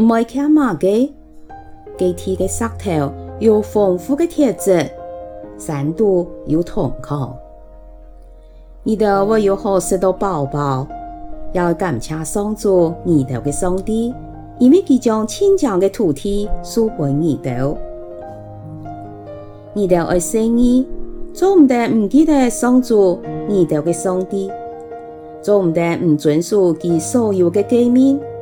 麥看馬嘅，基地嘅石頭有豐富嘅鐵質，深度有銅礦。你兜我有好許多寶寶，要感謝上主你兜嘅上帝，因為佢將千丈嘅土地賜給你兜。你兜愛生意，做唔得唔記得上主你兜嘅上帝，做唔得唔遵守佢所有嘅誡命。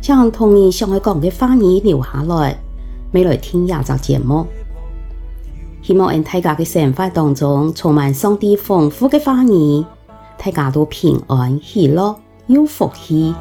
請同你想愛講個話語留下來，乜來訂這隻節目。希望因大家嘅生活當中充滿上帝豐富嘅話語，大家都平安、喜樂、有福氣。